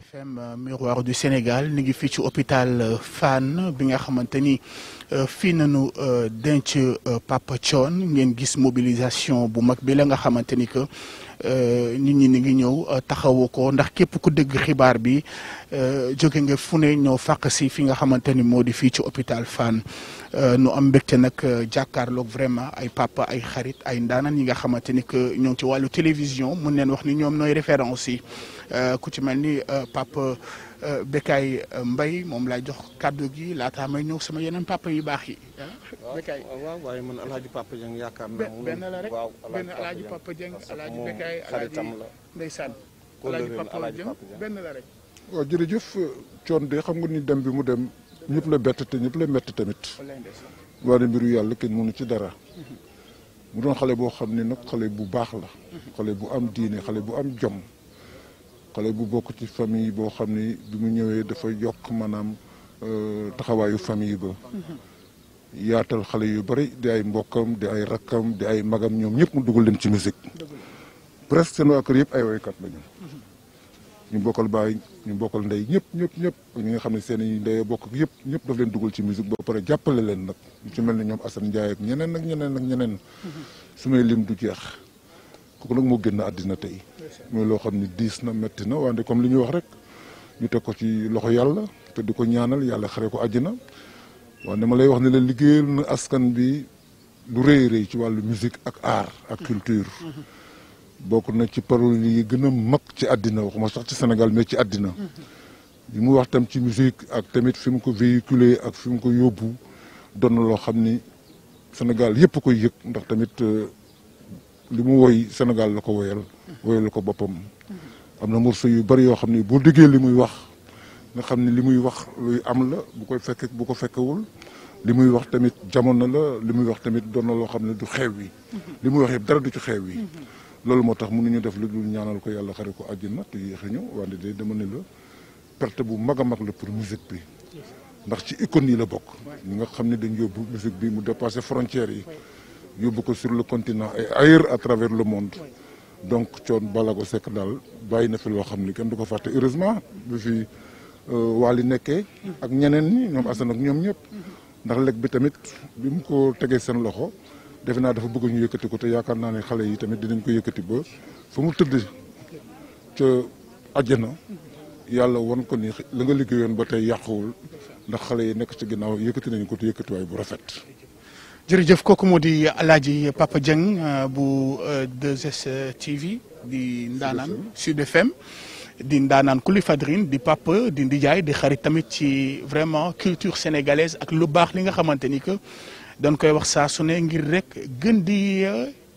FM euh, miroir du Sénégal ñu ngi fii ci hôpital euh, Fann bi nga xamante ni euh, fii nañu denc Papa Thione ngeen gis mobilisation bu mag bi la nga xamante Euh, nit ñi ni ngi ñëw euh, taxawu ko ndax képp ku dégg xibaar bi euh, jóge nga fu ne ñëw fàq si fi nga xamante ni moo di fii ci hôpital Fann nu am mbégte nag jàkkaarloog vraiment ay papa ay xarit ay ndaanan yi nga xamante ni que ci wàllu télévision mun neen wax ni ñoom nooy référence si ku ci mel ni papa. Euh, Bécaye euh, mbay moom laay jox kàddu gi laataa may ñëw sama yeneen papa yu baax yi. Ah, Bécaye waaw waaye man El yaakaar naa. benn la rek benn El la rek. waaw jërëjëf coon de xam nga ni dem bi mu dem ñëpp la bett ñëpp la mett tamit. waaye mbiru yàlla kenn mënu ci dara. mu doon xale boo xam ne nag xale bu baax la. Mhm. xale bu am diine xale bu am jom. xale bu bokk ci famille boo xam ni bi mu ñëwee dafa yokk maanaam euh, taxawaayu famille ba mm-hmm. yaatal xale yu bari di ay mbokkam di ay rakkam di ay magam ñoom ñëpp mu dugal leen ci musique presque seen waa kër yëpp ay woykat lañu mm-hmm. ñu bokkal baay ñu bokkal ndey ñëpp ñëpp ñëpp ñi nga xam ne seen i ndey bokk yëpp ñëpp daf leen dugal ci musique ba pare jàppale leen nag ñu ci mel ne ñoom Assane Ndiaye ñeneen ak ñeneen ak ñeneen mm-hmm. su may lim du jeex kooku nag moo génn àddina tey mooy loo xam ne diis na métti na wante comme li ñuy wax rek ñu teg ko ci loxo yàlla te di ko ñaanal yàlla xare ko àjjana waaw dama lay wax ne la liggéeyal na askan bi lu rëy rëy ci wàllu musique ak aar ak culture bokk na ci paroles yi gën a mag ci àddina waxuma sax ci senegal mais ci àddina li mu wax tam ci musique ak tamit fi mu ko véhiculer ak fi mu ko yóbbu doon loo xam ni Sénégal yëpp koy yëg ndax tamit euh, li mu woy Sénégal la ko woyal woyal ko boppam am na morceau yu bari yoo xam ne boo diggee li muy wax nga xam ne li muy wax luy am la bu koy fekk bu ko fekkewul li muy wax tamit jamono la li muy wax tamit doon na loo xam ne du xew yi li mu wax yëpp dara du ci xew yi loolu moo tax ñu def lu dul ñaanal ko yàlla xare ko àjjana te yéex a ñëw wante de dama ne la perte bu mag a mag la pour musique bi ndax ci icône yi la bokk ñi nga xam ne dañ yóbbu musique bi mu dépassé frontières yi yóbbu ko sur le continent et ailleurs à travers le monde donc Thione Ballago sekk daal bàyyi na fi loo xam ni kenn du ko fàtte heureusement bi fi euh, Wally nekkee ak ñeneen ñi ñoom Assane ak ñoom ñëpp ndax lekk bi tamit bi mu ko tegee seen loxo defe naa dafa bëgg ñu yëkkati ko te yaakaar naa ne xale yi tamit dinañ ko yëkkati ba fa mu tëdd ca àjjana yàlla wan ko ni la nga liggéeyoon ba tey yàquwul ndax xale yi nekk ci ginnaaw yëkkati nañu ko te yëkkatiwaay bu rafet. jërëjëf kooku moo di Alaaji Papa Dieng euh, bu euh, 2STV euh, di ndaanaan Sud FM di ndaanaan kuli fadrine di papa di ndijaay di xarit tamit ci vraiment culture sénégalaise ak lu baax li nga xamante ni que dañ koy wax saa su ne ngir rek gën di.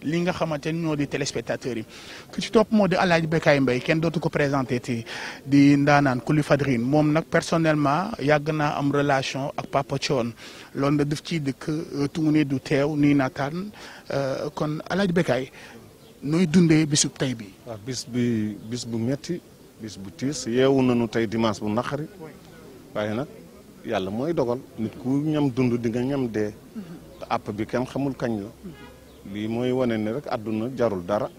li nga xamante ni ñoo di téléspectateurs yi ku ci topp moo di Alaaji Bécaye mbay kenn dootu ko présenté ti di ndaanaan kuli fadrin moom nag personnellement yàgg naa am relation ak Papa Thione loolu nag def ci dëkk euh, tungu ne du teew nii naataan euh, kon Alaaji Bécaye nooy dundee bisub tey bi bis bi bis bu metti bis bu tiis yeewu nañu tey dimanche bu naqari waaye nag yàlla mooy dogal nit ku ñam dund di nga ñam dee mm-hmm. te bi kenn xamul kañ la mm-hmm. lii mooy wane ne rek àdduna jarul dara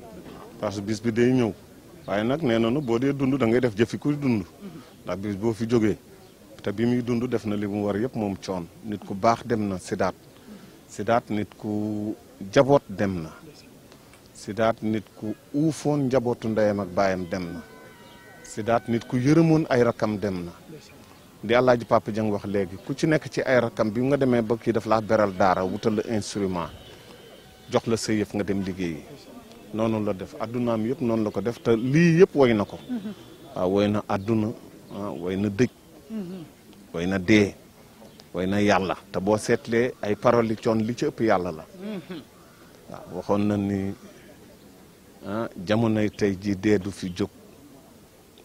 parce que bis bi day ñëw waaye nag nee noonu boo dee dund dangay def jëfi ku dund ndax bis boo fi jógee te bi muy dund def na li mu war yëpp moom coon nit ku baax dem na sidaat daat nit ku jaboot dem na daat nit ku uufoon njabootu ndeyam ak baayam dem na daat nit ku yërëmoon ay rakam dem na di Alaaji Papa Jeng wax léegi ku ci nekk ci ay rakam bi nga demee ba kii daf laa beral daara wutal la instrument jox la sa yëf nga dem liggéeyi noonu la def addunaam yëpp noonu la ko def te lii yëpp woy na ko waaw woy na adduna ah, woy na dëj woy na dee woy na yàlla te boo seetlee ay paroles yi coon li ci ëpp yàlla la waxoon na ni ah, jamonoy tey ji dee du fi jóg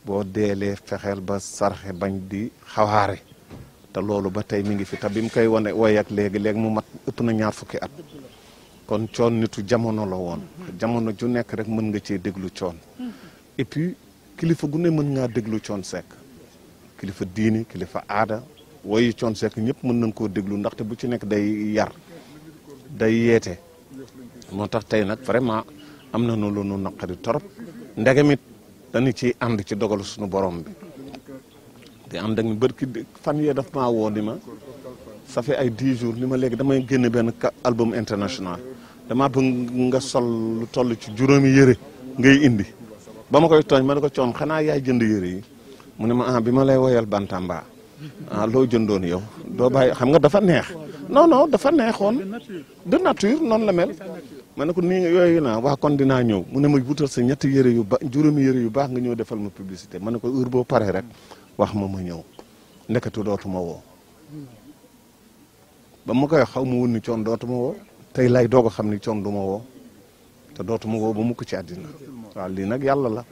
boo deelee fexeel ba sarxe bañ di xawaare te loolu ba tey mu ngi fi te bi mu koy wane woy ak léegi léegi mu mat ëpp na ñaar fukki at kon coon nitu jamono la woon jamono ju nekk rek mën nga cee déglu coon et puis kilifa gu ne mën ngaa déglu coon sekk kilifa diini kilifa aada woyu coon sekk ñëpp mën nañ koo déglu ndaxte bu ci nekk day yar day yeete moo tax tey nag vraiment am na nu lu nu naqari torop ndegamit dañu ciy ànd ci dogal suñu borom bi di ànd ak bërki fan yee daf maa woo ni ma ça ay dix jours ni ma léegi damay génne benn album international damaa bëgg nga sol lu toll ci juróomi yére ngay indi ba ma koy tooñ ma ne ko coon xanaa yaay jënd yére yi mu ne ma ah bi ma lay woyal bantamba ah loo jëndoon yow doo bàyyi xam nga dafa neex non non dafa neexoon de nature noonu la mel ne ko nii nga yooyu naa waa kon dinaa ñëw mu ne ma wutal sa ñetti yére yu ba juróomi yére yu baax nga ñëw defal ma publicité ma ne ko heure boo pare rek wax ma ma ñëw ndeketu dootuma woo ba ma koy xaw ma woon ni coon dootuma tey lay doog a xam ni coon woo te dootuma woo ba mukk ci àddina waaw lii nag yàlla la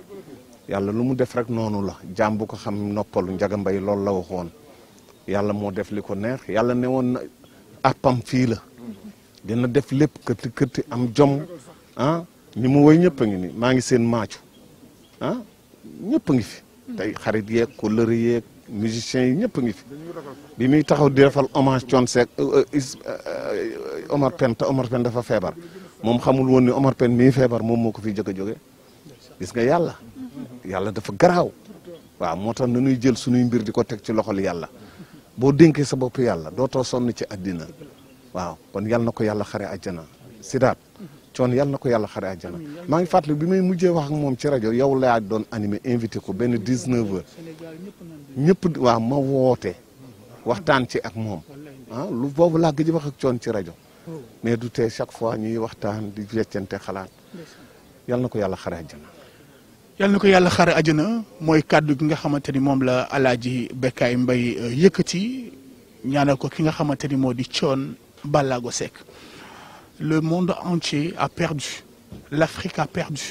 yàlla lu mu def rek noonu la jaam bu ko xam noppalu njaga mbay loolu la waxoon yàlla moo def li ko neex yàlla ne woon na fii la dina def lépp këti këti am jom ah mu woy ñëpp a ngi ni maa ngi seen maacu ah a ngi fi tey xarit yeeg kóllëre yeeg musiciens yi ñëpp ngi fi bi muy taxaw defal hommage Thione euh, euh, euh, Omar Pène te Omar Pène dafa feebar moom xamul woon ni Omar Pène mii feebar moom moo ko fi jëkk a jóge nga yàlla yàlla dafa garaaw waaw moo tax nanuy jël suñuy mbir di ko teg ci loxol yàlla boo dénkee sa bopp yàlla dootoo sonn ci addina waaw kon yàlla na ko yàlla xare àjjana sidaat coon yàlla na ko yàlla xare àjjana maa ngi fàttali bi may mujjee wax ak moom ci rajo yow laa doon animé invité ko benn 19 heures ñëpp waaw ma woote waxtaan ci ak moom ah, lu boobu laa gëj wax ci rajo mais du tee chaque fois ñuy waxtaan di weccante xalaat yal na ko yàlla xare àjjana yal na ko yàlla xare àjjana mooy kàddu gi nga xamante ni moom la alaaji Bécaye Mbaye euh, yëkkati ñaanal ko ki nga xamante ni moo di Thione Ballago Seck le monde entier a perdu l'Afrique a perdu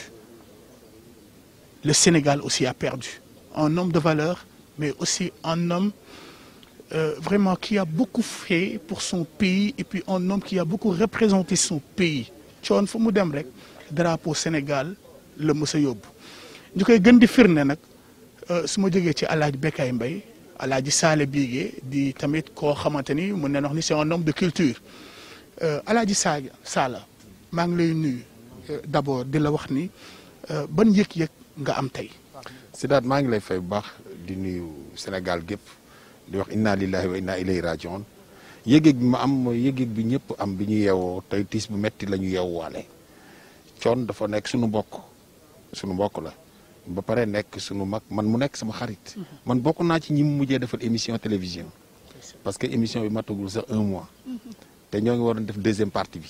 le Sénégal aussi a perdu un homme de valeur mais aussi un homme Euh, vraiment qui a beaucoup fait pour son pays et puis un homme qui a beaucoup représenté son pays coon fu mu dem rek drapeau Sénégal la mës a yóbbu ñu koy gën di firnde nag euh, su ma jógee ci alaaj Bekay Mbay alaaji Saale Biigé di tamit koo xamante ni mën nañ wax ni c'est un homme de culture euh, alaaji Sa Saala maa ngi lay nuyu d'abord di la wax ni ban yëg-yëg nga am tey. Sidaat maa ngi lay fay bu baax di nuyu Sénégal gépp di wax inna lillahi wa inna ilayhi rajiun yëgeeg bi ma am mooy yëgeeg bi ñëpp am bi ñu yeewoo tey tiis bu metti la ñu yeewwaale coon dafa nekk suñu mbokk sunu mbokk la ba pare nekk sunu mag man mu nekk sama xarit mhm. man bokk naa ci ñi mu mujjee defal émission télévision parce que émission bi matagul sax un mois mhm. te ñoo ngi waroon def deuxième partie bi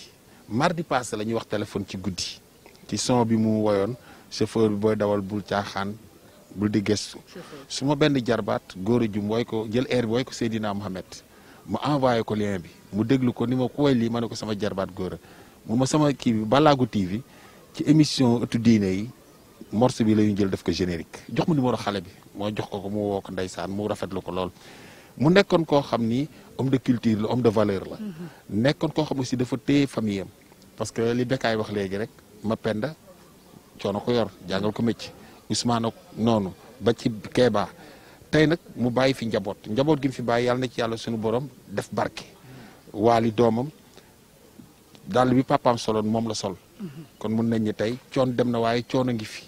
mardi passé la ñuy wax téléphone ci guddi ci son bi mu woyoon chauffeur bi booy dawal bul caaxaan bul di gëstu su ma benn jarbaat góor a jum wooy ko jël air bi wooy ko Seydina Mohamed ma envoyé ko lien bi mu déglu ko ni ma ku way lii ma ne ko sama jarbaat góor a mu ma sama kii bi Ballago TV ci émission diine yi morceau bi la ñu jël def ko générique jox ma numéro xale bi moo jox ko ko mu woo ndeysaan mu rafetlu ko lool mu nekkoon koo xam ni homme de culture la homme de valeur la mm-hmm. nekkoon koo xam aussi dafa téye famille am parce que li Bécaye wax léegi rek ma penda coono ko yor jàngal ko mécc Ousmane noonu ba ci Kéba tey nag mu bàyyi fi njaboot njaboot gi mu fi bàyyi yàlla na ci yàlla sunu borom def barke. waali doomam dàll bi papaam soloon moom la sol. kon mun nañ ne tey coon dem na waaye coon a ngi fi.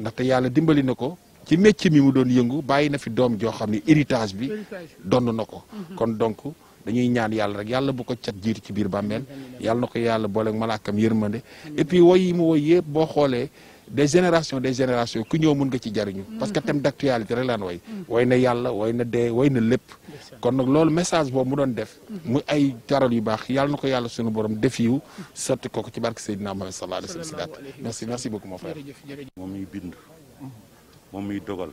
ndaxte yàlla dimbali na ko ci métier mi mu doon yëngu bàyyi na fi doom joo xam ne héritage bi. donn na ko. kon donk dañuy ñaan yàlla rek yàlla bu ko cat jiir ci biir bàmmeel yàlla na ko yàlla boole malaakam yërmande. et puis woy yi mu woy yëpp des génération des générations ku ñëw mun nga ci jariñu mm-hmm. parce que thème d'actualité rek laan way way na yàlla way na dee way na lépp kon nag loolu message boobu mu doon def mm-hmm. mu ay jaral yu baax yàlla na ko yàlla suñu borom def yiw sotti ko ko ci barke Seydina Muhammad sallallahu alayhi wa sallam merci merci beaucoup mon frère moom miy bind mm-hmm. moom miy dogal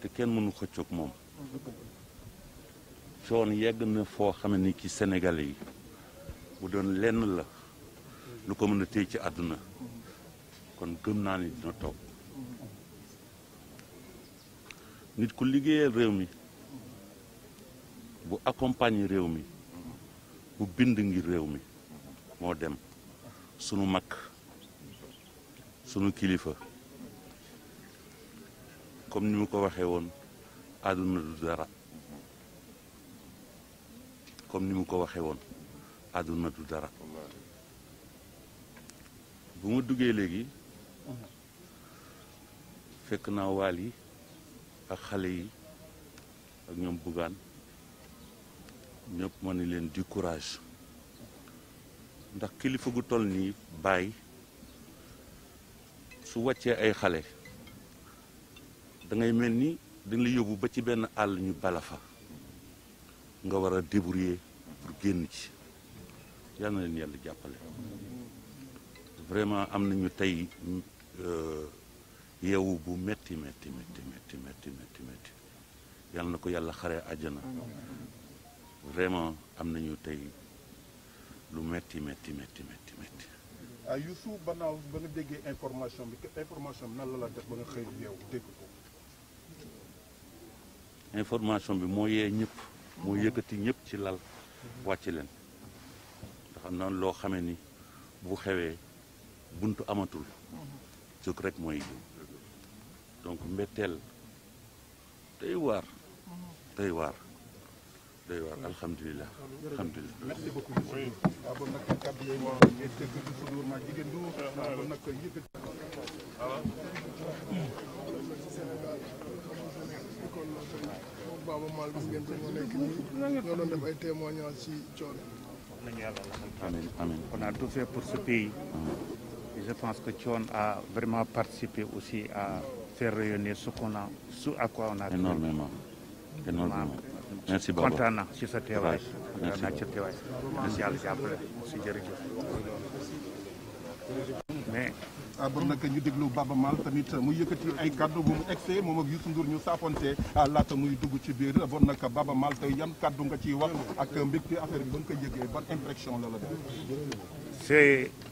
te kenn mënu xëccoog moom coon yegg na foo xam ni ci Sénégalais yi bu doon lenn la lu ko mën a téye ci àdduna kon gëm naa ni dina toog nit ku liggéeyal réew mi bu accompagner réew mi bu bind ngir réew mi moo dem sunu mag sunu kilifa comme ni mu ko waxee woon àdduna du dara comme ni mu ko waxee woon àdduna du dara bu ma duggee léegi fekk naa waal yi ak xale yi ak ñoom bugaan ñëpp ma ne leen du courage ndax kilifa gu toll nii baay su wàccee ay xale dangay mel ni dañ la yóbbu ba ci benn àll ñu bala nga war a débrouiller pour génn ci yal na leen yàlla jàppale vraiment am nañu tey euh, yeewu bu metti metti metti metti yàlla na ko yàlla xare àjjana vraiment am nañu tey lu metti metti metti metti metti ah Youssou Banaaw ba nga déggee information bi information bi nan la la def ba nga information bi moo yee ñëpp moo yëkkati ñëpp ci lal wàcc leen ndax am loo xamee ni bu xewee buntu amatul suk rek mooy donc mbetteel day waar day waar day waar alhamdulilah alhamdulilah merci beaucoup jigéen ko moo nekk nii ñoo doon def ay ci coono amiin amiin on tout fait pour ce pays je pense que Thion a vraiment participer aussi à faire rayonner ce qu'on a ce quoi on a. énormément énormément. ci sa teewaay. merci beaucoup kontaan na ci teewaay. merci mais. ah bon nag ñu déglu Baba Maal tamit mu yëkkati ay kaddu bu mu egsee moom ak Youssou Ndour ñu saafonte laata muy dugg ci biir bon nag Baba Maal tey yan kàddu nga ci wax ak mbégte affaire bi ba nga ko yëgee ban impression la la def.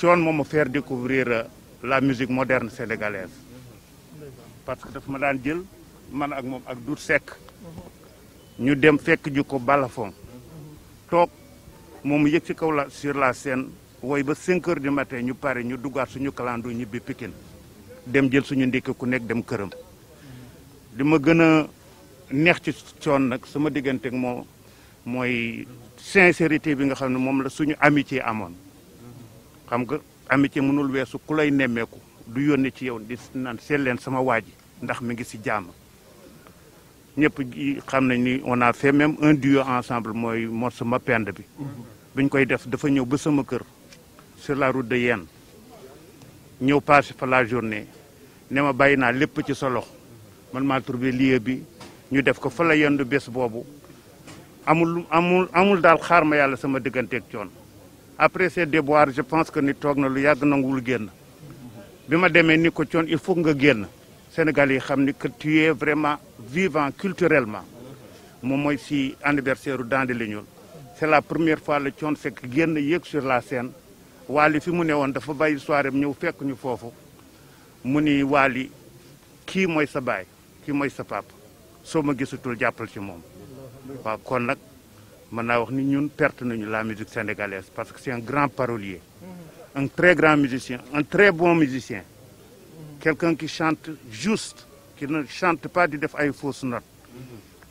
Thione moom ma faire découvrir euh, la musique moderne sénégalaise parce que dafa ma daan jël man ak moom ak du Seck ñu dem fekk ju ko balafon toog moom yëg ci kaw la sur la scène wooy ba 5 heures du matin ñu pare ñu duggaat suñu kalandoo ñibbi pikin dem jël suñu ndékki ku nekk dem këram li ma gën a neex ci Thione nag sama diggante ak moom mooy sincérité bi nga xam ne moom la suñu amitié amoon xam nga amitié mënul weesu ku lay nemmeeku du yónnee ci yow di naan seet leen sama waa ji ndax mi ngi si jàmm ñëpp xam nañ ni on a fait même un duo ensemble mooy morceau Mapenda bi. buñ koy def dafa ñëw ba sama kër sur la route de Yène ñëw passé fa la journée ne ma bàyyi naa lépp ci sa man maa trouvé lieu bi ñu def ko fa la yendu bés boobu amul amul amul daal xaar ma yàlla sama digganteeg coon après ces déboires je pense que ni toog na lu yàgg nanguwul génn bi ma demee ni ko coon il faut nga génn Sénégal yi xam ni que tu es vraiment vivant culturellement moom mooy si anniversaire u Dande Leñol c'est la première fois la coon fekk génn yéeg sur la scène Wally fi mu ne woon dafa bàyyi soirée ñëw fekk ñu foofu mu ni Wally kii mooy sa baay kii mooy sa papa soo ma gisatul jàppal ci moom waaw kon nag mën naa wax ni ñun perte nañu la musique sénégalaise parce que c'est un grand parolier un très grand musicien un très bon musicien quelqu'un qui chante juste qui ne chante pas di def ay fausses notes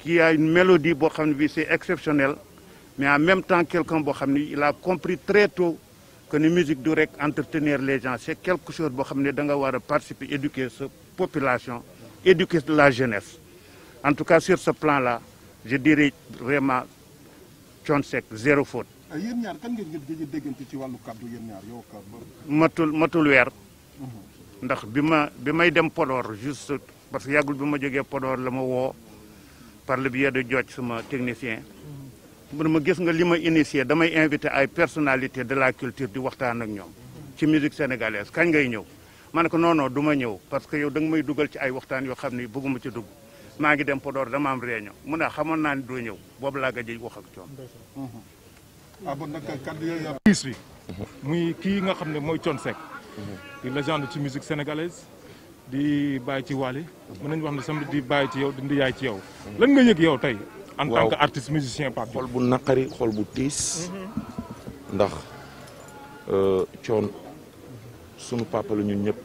qui a une mélodie boo xam ne bi c'est exceptionnel mais en même temps quelqu'un boo xam ne il a compris très tôt que ni musique du rek entretenir les gens c'est quelque chose boo xam ne da nga war a participer éduquer sa population éduquer la jeunesse en tout cas sur plan là je vraiment Thione Seck zéro faute. Euh, yéen ci wàllu kaddu yéen matul matul weer. Mhm. ndax bi ma bi may dem Podor juste parce que yàggul bi ma jógee Podor la ma woo par le bier de Diodj sama technicien. Mhm. mun ma gis nga li ma initié damay invité ay personalité de la culture di waxtaan ak ñoom. ci musique sénégalaise kañ ngay ñëw. ma ne noonoo du ma ñëw parce que yow da nga may dugal ci ay waxtaan yoo xam ne bëgguma ci dugg. maa ngi dem Podor dama am réunion mu a xamoon naa ne doo ñëw boobu laa gëj wax ak Thione. ah bon nag kàddu yooyu bi muy kii nga xam ne mooy Thione Seck. di légende ci di bàyyi ci Wally. mën nañu wax ne sama di bàyyi ci yow di yaay ci yow. lan nga yëg yow tey. en tant que artiste musicien Pape xol bu naqari xol bu tiis. ndax euh, Thione sunu ñun ñëpp.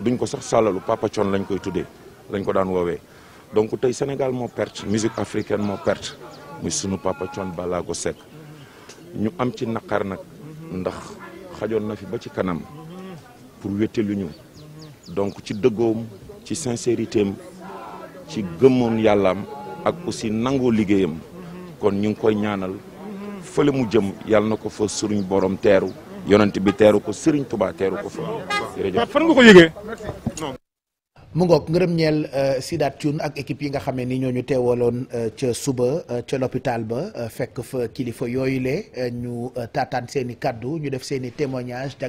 duñ ko sax sàllalu papa Thione lañ koy tuddee lañ ko daan woowee. donc tey Sénégal moo perte musique africain moo perte muy sunu papa Thione Ballago Seck ñu am ci naqar nag ndax xajoon na fi ba ci kanam pour wéttalu ñu donc ci dëggoom ci sincérité am ci gëmmoon yàllaam ak aussi nangoo liggéeyam kon ñu ngi koy ñaanal fële mu jëm yàlla na ko fo suruñ boroom teeru yonent bi teeru ko Serigne Touba teeru ko fa jërëjëf fan mu ngoog ngërëm ñeel euh, Sidaat Thioune ak équipe yi nga xamee ni ñoo ñu teewaloon euh, ca suba euh, ca l'hôpital ba fekk fa kilifa yooyu le ñu taataan seen i kaddu ñu def seen i témoignage